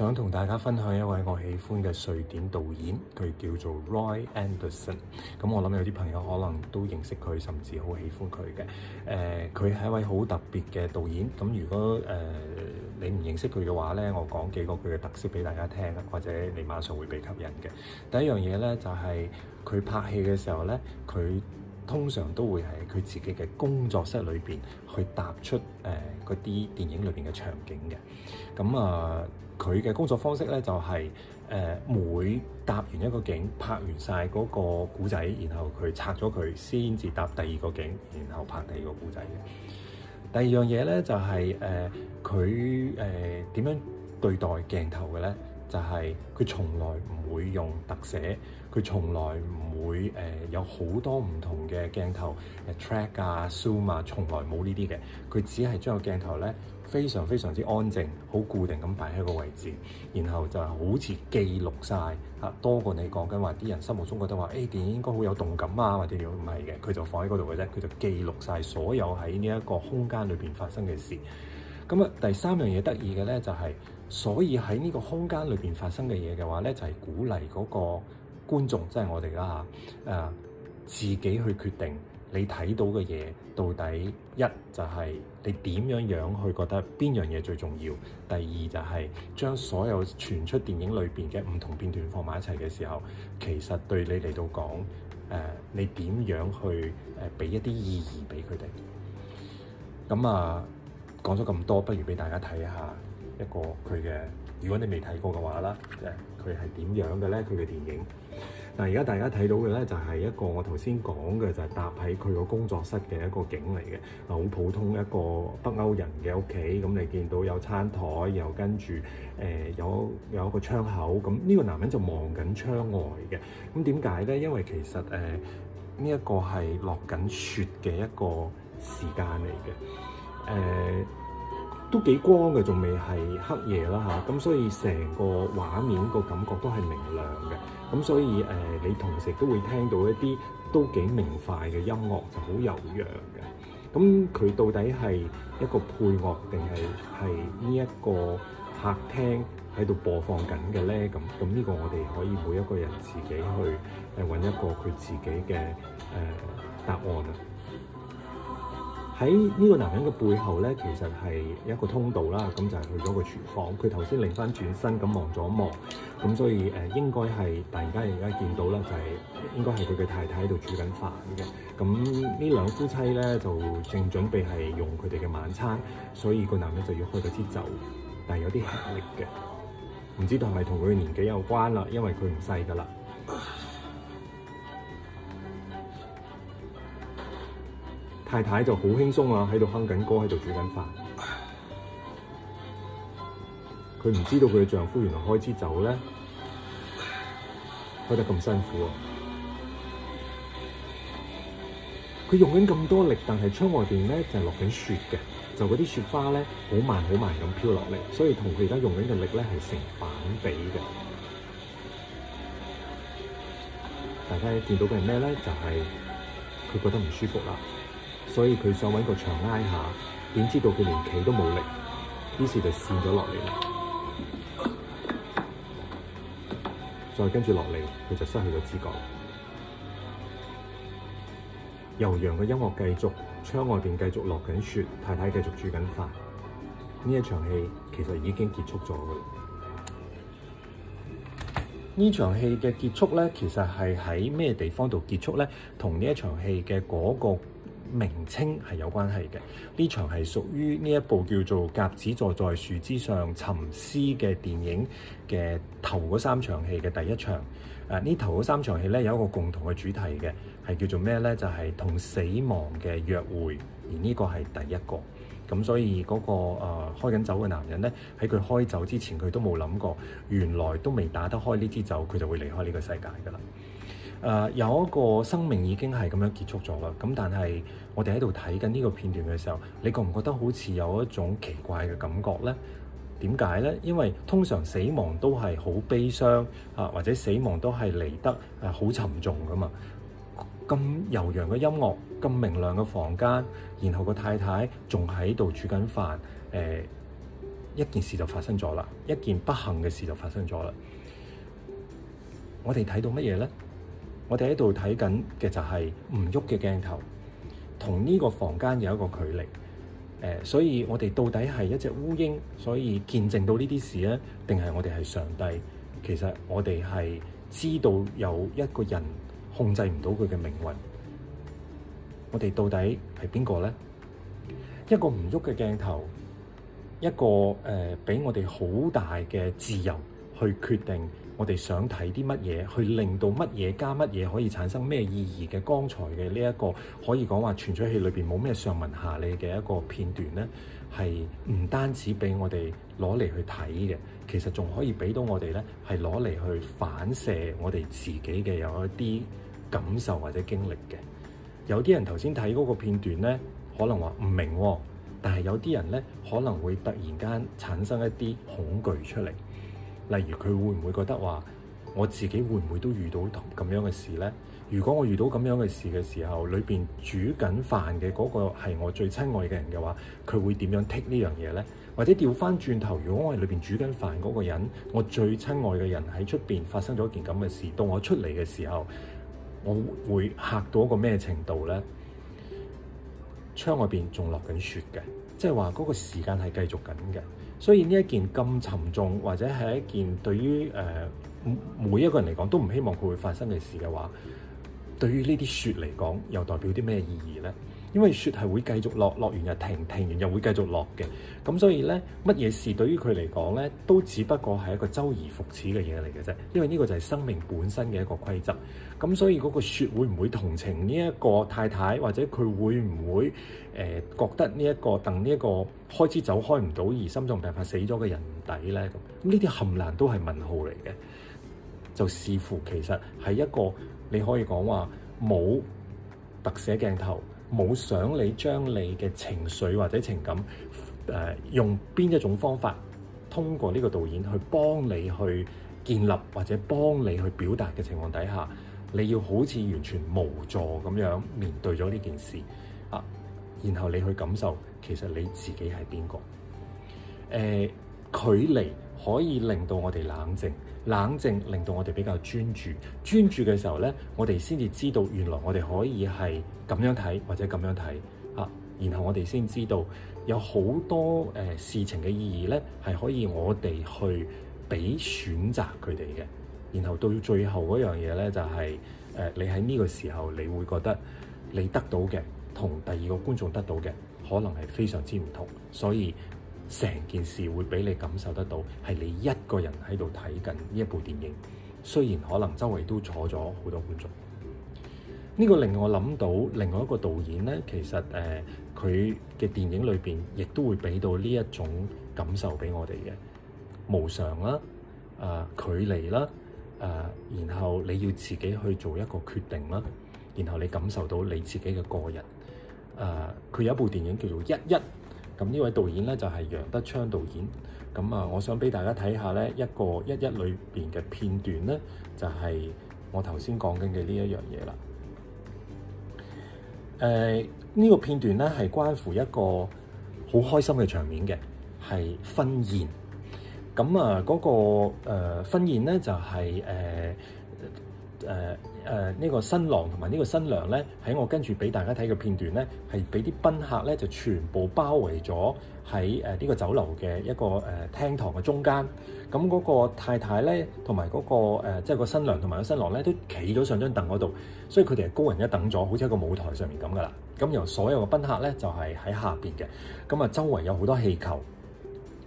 想同大家分享一位我喜歡嘅瑞典導演，佢叫做 Roy Anderson。咁我諗有啲朋友可能都認識佢，甚至好喜歡佢嘅。誒、呃，佢係一位好特別嘅導演。咁如果誒、呃、你唔認識佢嘅話咧，我講幾個佢嘅特色俾大家聽，或者你馬上會被吸引嘅。第一樣嘢咧就係、是、佢拍戲嘅時候咧，佢通常都會係佢自己嘅工作室裏邊去搭出誒嗰啲電影裏邊嘅場景嘅。咁啊，佢、呃、嘅工作方式咧就係、是、誒、呃、每搭完一個景，拍完晒嗰個古仔，然後佢拆咗佢，先至搭第二個景，然後拍第二個古仔嘅。第二樣嘢咧就係誒佢誒點樣對待鏡頭嘅咧，就係佢從來唔會用特寫。佢從來唔會誒、呃、有好多唔同嘅鏡頭誒、啊、track 啊 zoom 啊，從來冇呢啲嘅。佢只係將個鏡頭咧非常非常之安靜，好固定咁擺喺一個位置，然後就係好似記錄晒。啊多過你講緊話啲人心目中覺得話誒電影應該好有動感啊，或者點唔係嘅？佢就放喺嗰度嘅啫，佢就記錄晒所有喺呢一個空間裏邊發生嘅事。咁、嗯、啊，第三樣嘢得意嘅咧就係、是，所以喺呢個空間裏邊發生嘅嘢嘅話咧，就係、是、鼓勵嗰、那個。觀眾即係我哋啦嚇，誒、呃、自己去決定你睇到嘅嘢到底一就係、是、你點樣樣去覺得邊樣嘢最重要。第二就係、是、將所有傳出電影裏邊嘅唔同片段放埋一齊嘅時候，其實對你嚟到講誒、呃，你點樣去誒俾一啲意義俾佢哋咁啊？講咗咁多，不如俾大家睇下一個佢嘅。如果你未睇過嘅話啦，即佢係點樣嘅咧？佢嘅電影。嗱，而家大家睇到嘅咧就係一個我頭先講嘅，就係搭喺佢個工作室嘅一個景嚟嘅。嗱，好普通一個北歐人嘅屋企，咁你見到有餐台，又跟住誒、呃、有有一個窗口，咁呢個男人就望緊窗外嘅。咁點解咧？因為其實誒呢一個係落緊雪嘅一個時間嚟嘅。誒、呃。都幾光嘅，仲未係黑夜啦嚇，咁、啊、所以成個畫面個感覺都係明亮嘅，咁所以誒、呃，你同時都會聽到一啲都幾明快嘅音樂，就好悠揚嘅。咁佢到底係一個配樂定係係呢一個客廳喺度播放緊嘅咧？咁咁呢個我哋可以每一個人自己去誒揾、呃、一個佢自己嘅誒、呃、答案。喺呢個男人嘅背後咧，其實係一個通道啦，咁就係去咗個廚房。佢頭先擰返轉身咁望咗一望，咁所以誒、呃、應該係突然間而家見到啦，就係、是、應該係佢嘅太太喺度煮緊飯嘅。咁呢兩夫妻咧就正準備係用佢哋嘅晚餐，所以個男人就要開咗支酒。但係有啲吃力嘅，唔知道係同佢嘅年紀有關啦，因為佢唔細噶啦。太太就好輕鬆啊，喺度哼緊歌，喺度煮緊飯。佢唔知道佢嘅丈夫原來開始走呢，開得咁辛苦啊！佢用緊咁多力，但係窗外邊呢就落緊雪嘅，就嗰啲雪花呢好慢好慢咁飄落嚟，所以同佢而家用緊嘅力呢係成反比嘅。大家見到嘅係咩呢？就係佢覺得唔舒服啦。所以佢想揾個牆拉下，點知道佢連企都冇力，於是就墮咗落嚟。再跟住落嚟，佢就失去咗知覺。悠揚嘅音樂繼續，窗外邊繼續落緊雪，太太繼續煮緊飯。呢一場戲其實已經結束咗嘅啦。呢場戲嘅結束呢，其實係喺咩地方度結束呢？同呢一場戲嘅嗰、那個名稱係有關係嘅，呢場係屬於呢一部叫做《甲子坐在樹枝上沉思》嘅電影嘅頭嗰三場戲嘅第一場。誒、呃，呢頭嗰三場戲呢，有一個共同嘅主題嘅，係叫做咩呢？就係、是、同死亡嘅約會，而呢個係第一個。咁所以嗰、那個誒、呃、開緊酒嘅男人呢，喺佢開酒之前，佢都冇諗過，原來都未打得開呢支酒，佢就會離開呢個世界㗎啦。誒、呃、有一個生命已經係咁樣結束咗啦。咁但係我哋喺度睇緊呢個片段嘅時候，你覺唔覺得好似有一種奇怪嘅感覺呢？點解呢？因為通常死亡都係好悲傷啊，或者死亡都係嚟得係好沉重㗎嘛。咁悠揚嘅音樂，咁明亮嘅房間，然後個太太仲喺度煮緊飯。誒、呃、一件事就發生咗啦，一件不幸嘅事就發生咗啦。我哋睇到乜嘢呢？我哋喺度睇緊嘅就係唔喐嘅鏡頭，同呢個房間有一個距離。誒、呃，所以我哋到底係一隻烏蠅，所以見證到呢啲事咧，定係我哋係上帝？其實我哋係知道有一個人控制唔到佢嘅命運。我哋到底係邊個咧？一個唔喐嘅鏡頭，一個誒俾、呃、我哋好大嘅自由去決定。我哋想睇啲乜嘢，去令到乜嘢加乜嘢可以產生咩意義嘅？剛才嘅呢一個可以講話成齣戲裏邊冇咩上文下理嘅一個片段咧，係唔單止俾我哋攞嚟去睇嘅，其實仲可以俾到我哋咧係攞嚟去反射我哋自己嘅有一啲感受或者經歷嘅。有啲人頭先睇嗰個片段咧，可能話唔明喎，但係有啲人咧可能會突然間產生一啲恐懼出嚟。例如佢會唔會覺得話我自己會唔會都遇到咁樣嘅事呢？如果我遇到咁樣嘅事嘅時候，裏邊煮緊飯嘅嗰個係我最親愛嘅人嘅話，佢會點樣 take 呢樣嘢呢？或者調翻轉頭，如果我係裏邊煮緊飯嗰個人，我最親愛嘅人喺出邊發生咗一件咁嘅事，到我出嚟嘅時候，我會嚇到一個咩程度呢？窗外邊仲落緊雪嘅，即係話嗰個時間係繼續緊嘅。所以呢一件咁沉重，或者係一件對於誒、呃、每一個人嚟講都唔希望佢會發生嘅事嘅話，對於呢啲雪嚟講又代表啲咩意義呢？因為雪係會繼續落，落完又停，停完又會繼續落嘅。咁所以呢，乜嘢事對於佢嚟講呢，都只不過係一個周而復始嘅嘢嚟嘅啫。因為呢個就係生命本身嘅一個規則。咁所以嗰個雪會唔會同情呢一個太太，或者佢會唔會誒、呃、覺得呢、這、一個等呢一個開始走開唔到而心臟病發死咗嘅人唔抵呢？咁呢啲冚唥都係問號嚟嘅，就視乎其實係一個你可以講話冇特寫鏡頭。冇想你將你嘅情緒或者情感，誒、呃、用邊一種方法通過呢個導演去幫你去建立或者幫你去表達嘅情況底下，你要好似完全無助咁樣面對咗呢件事啊，然後你去感受其實你自己係邊個？誒、呃、距離。可以令到我哋冷靜，冷靜令到我哋比較專注，專注嘅時候咧，我哋先至知道原來我哋可以係咁樣睇或者咁樣睇啊。然後我哋先知道有好多誒、呃、事情嘅意義咧，係可以我哋去俾選擇佢哋嘅。然後到最後嗰樣嘢咧，就係、是、誒、呃、你喺呢個時候，你會覺得你得到嘅同第二個觀眾得到嘅可能係非常之唔同，所以。成件事會俾你感受得到，係你一個人喺度睇緊呢一部電影。雖然可能周圍都坐咗好多觀眾，呢個令我諗到另外一個導演呢，其實誒佢嘅電影裏邊亦都會俾到呢一種感受俾我哋嘅無常啦、啊、呃、距離啦、誒、呃，然後你要自己去做一個決定啦，然後你感受到你自己嘅個人誒。佢、呃、有一部電影叫做《一一》。咁呢位導演咧就係楊德昌導演，咁啊，我想俾大家睇下咧一個一一裏邊嘅片段咧，就係我頭先講緊嘅呢一樣嘢啦。誒、呃，呢、這個片段咧係關乎一個好開心嘅場面嘅，係婚宴。咁啊，嗰、那個、呃、婚宴咧就係、是、誒。呃誒誒，呢個新郎同埋呢個新娘咧，喺我跟住俾大家睇嘅片段咧，係俾啲賓客咧就全部包圍咗喺誒呢個酒樓嘅一個誒廳堂嘅中間。咁嗰個太太咧，同埋嗰個、呃、即係個新娘同埋個新郎咧，都企咗上張凳嗰度，所以佢哋係高人一等咗，好似一個舞台上面咁噶啦。咁由所有嘅賓客咧就係喺下邊嘅。咁啊，周圍有好多氣球。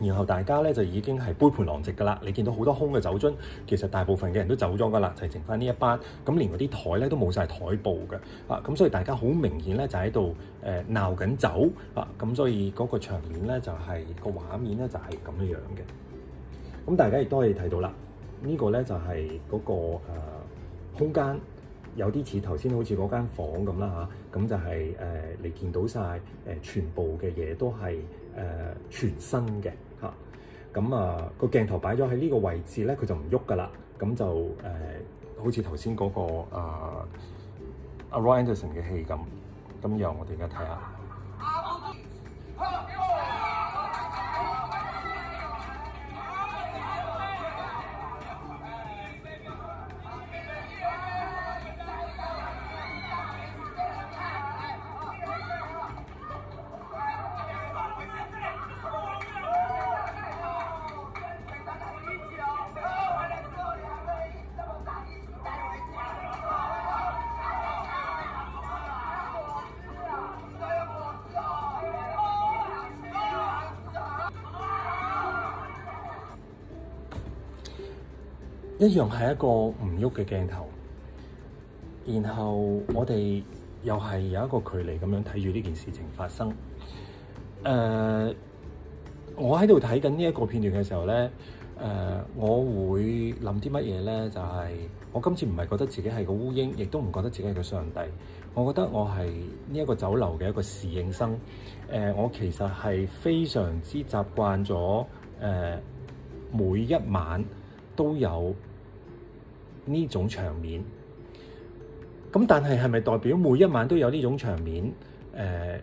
然後大家咧就已經係杯盤狼藉噶啦，你見到好多空嘅酒樽，其實大部分嘅人都走咗噶啦，就剩翻呢一班。咁連嗰啲台咧都冇晒台布嘅啊，咁所以大家好明顯咧就喺度誒鬧緊酒啊，咁所以嗰個場面咧就係個畫面咧就係咁樣樣嘅。咁、啊、大家亦都可以睇到啦，呢、這個咧就係嗰、那個、呃、空間有啲似頭先好似嗰間房咁啦吓，咁、啊、就係、是、誒、呃、你見到晒誒全部嘅嘢都係誒、呃、全新嘅。咁啊，個鏡頭擺咗喺呢個位置咧，佢就唔喐噶啦。咁就誒、呃、好似頭先個個啊，阿羅恩德森嘅戲咁。咁由我哋而家睇下。啊啊啊啊一樣係一個唔喐嘅鏡頭，然後我哋又係有一個距離咁樣睇住呢件事情發生。誒、呃，我喺度睇緊呢一個片段嘅時候呢，誒、呃，我會諗啲乜嘢呢？就係、是、我今次唔係覺得自己係個烏蠅，亦都唔覺得自己係個上帝。我覺得我係呢一個酒樓嘅一個侍應生。誒、呃，我其實係非常之習慣咗誒每一晚，都有呢種場面，咁但係係咪代表每一晚都有呢種場面？誒、呃，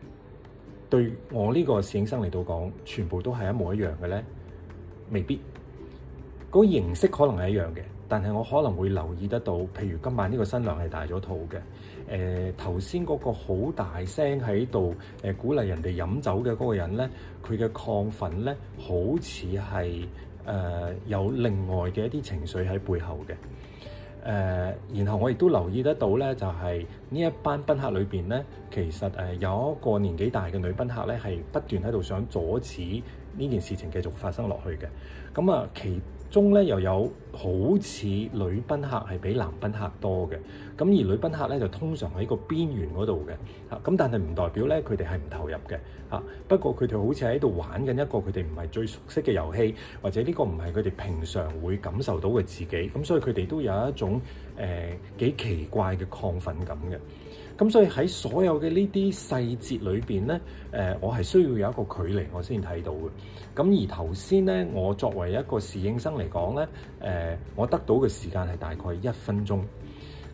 對我呢個侍應生嚟到講，全部都係一模一樣嘅咧，未必。嗰、那個、形式可能係一樣嘅，但係我可能會留意得到，譬如今晚呢個新娘係大咗肚嘅。誒、呃，頭先嗰個好大聲喺度誒鼓勵人哋飲酒嘅嗰個人咧，佢嘅亢奮咧，好似係。誒、呃、有另外嘅一啲情緒喺背後嘅，誒、呃，然後我亦都留意得到咧，就係、是、呢一班賓客裏邊咧，其實誒、呃、有一個年紀大嘅女賓客咧，係不斷喺度想阻止呢件事情繼續發生落去嘅，咁、嗯、啊其。中呢又有好似女賓客係比男賓客多嘅，咁而女賓客呢就通常喺個邊緣嗰度嘅，嚇咁但係唔代表呢佢哋係唔投入嘅，嚇不過佢哋好似喺度玩緊一個佢哋唔係最熟悉嘅遊戲，或者呢個唔係佢哋平常會感受到嘅自己，咁所以佢哋都有一種誒、呃、幾奇怪嘅亢奮感嘅。咁所以喺所有嘅呢啲細節裏邊咧，誒、呃，我係需要有一個距離，我先睇到嘅。咁而頭先咧，我作為一個侍應生嚟講咧，誒、呃，我得到嘅時間係大概一分鐘。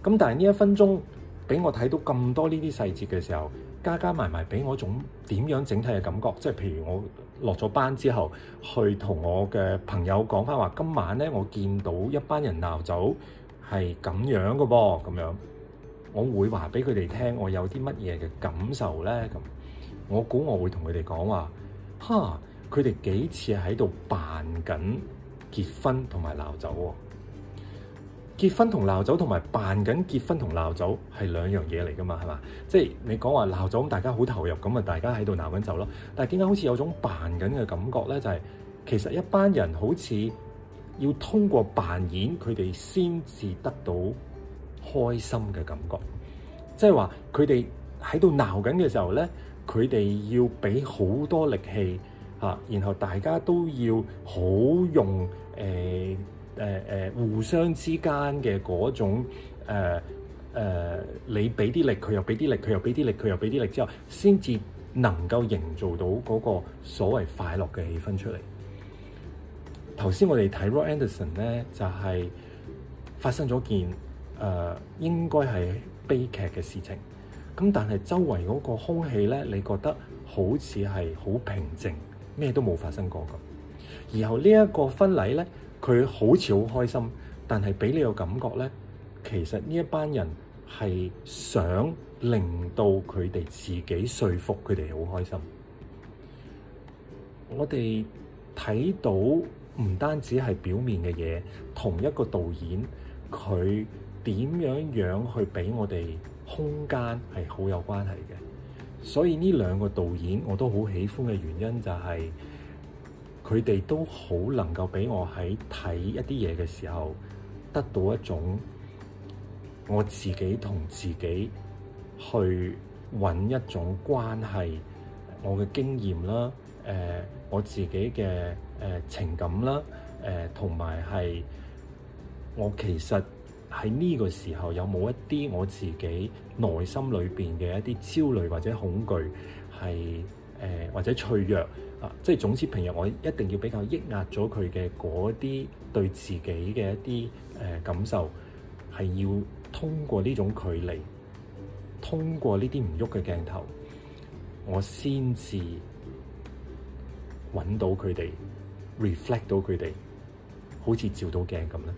咁但係呢一分鐘俾我睇到咁多呢啲細節嘅時候，加加埋埋俾我種點樣整體嘅感覺，即係譬如我落咗班之後去同我嘅朋友講翻話今晚咧，我見到一班人鬧走，係咁樣嘅噃，咁樣。我會話俾佢哋聽，我有啲乜嘢嘅感受呢？咁。我估我會同佢哋講話，哈！佢哋幾次喺度扮緊結婚同埋鬧酒喎。結婚同鬧酒同埋扮緊結婚同鬧酒係兩樣嘢嚟噶嘛？係嘛？即係你講話鬧酒咁，大家好投入咁啊，大家喺度鬧緊酒咯。但係點解好似有種扮緊嘅感覺呢？就係、是、其實一班人好似要通過扮演佢哋先至得到。開心嘅感覺，即係話佢哋喺度鬧緊嘅時候咧，佢哋要俾好多力氣吓、啊，然後大家都要好用誒誒誒，互相之間嘅嗰種誒誒、呃呃，你俾啲力，佢又俾啲力，佢又俾啲力，佢又俾啲力之後，先至能夠營造到嗰個所謂快樂嘅氣氛出嚟。頭先我哋睇 Roy Andersson 咧，就係、是、發生咗件。誒、uh，應該係悲劇嘅事情，咁但係周圍嗰個空氣咧，你覺得好似係好平靜，咩都冇發生過咁。然後呢一個婚禮咧，佢好似好開心，但係俾你個感覺咧，其實呢一班人係想令到佢哋自己說服佢哋好開心。我哋睇到唔單止係表面嘅嘢，同一個導演佢。點樣樣去俾我哋空間係好有關係嘅，所以呢兩個導演我都好喜歡嘅原因就係佢哋都好能夠俾我喺睇一啲嘢嘅時候得到一種我自己同自己去揾一種關係，我嘅經驗啦，誒、呃、我自己嘅誒、呃、情感啦，誒同埋係我其實。喺呢個時候有冇一啲我自己內心裏邊嘅一啲焦慮或者恐懼，係、呃、誒或者脆弱啊？即係總之平日我一定要比較抑壓咗佢嘅嗰啲對自己嘅一啲誒、呃、感受，係要通過呢種距離，通過呢啲唔喐嘅鏡頭，我先至揾到佢哋，reflect 到佢哋，好似照到鏡咁咧。